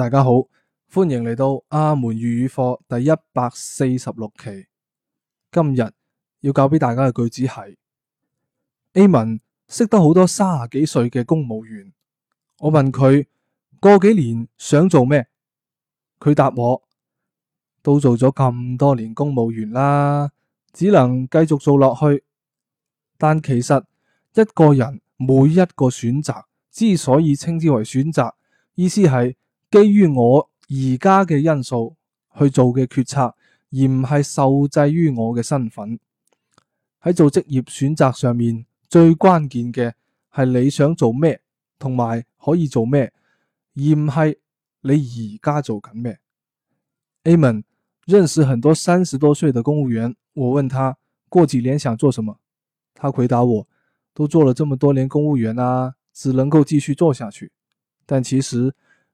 大家好，歡迎嚟到阿門粵語課第一百四十六期。今日要教俾大家嘅句子係：Amen 識得好多三十幾歲嘅公務員，我問佢過幾年想做咩，佢答我都做咗咁多年公務員啦，只能繼續做落去。但其實一個人每一個選擇之所以稱之為選擇，意思係。基於我而家嘅因素去做嘅決策，而唔係受制於我嘅身份。喺做職業選擇上面，最關鍵嘅係你想做咩，同埋可以做咩，而唔係你而家做緊咩。Amen 認識很多三十多歲的公務員，我問他過幾年想做什麼，他回答我都做了這麼多年公務員啦、啊，只能夠繼續做下去。但其實。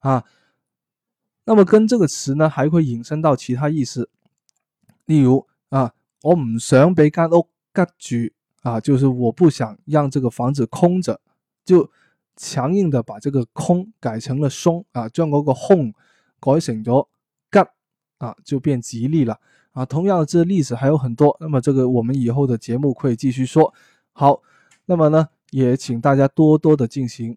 啊，那麼跟這個詞呢，還會引申到其他意思，例如啊，我唔想俾間屋吉住，啊，就是我不想讓這個房子空着，就強硬的把這個空改成了松，啊，將嗰個空改成咗吉啊，就變吉利了，啊，同樣的這例子還有很多，那麼這個我們以後的節目可以繼續說，好，那麼呢，也請大家多多的進行。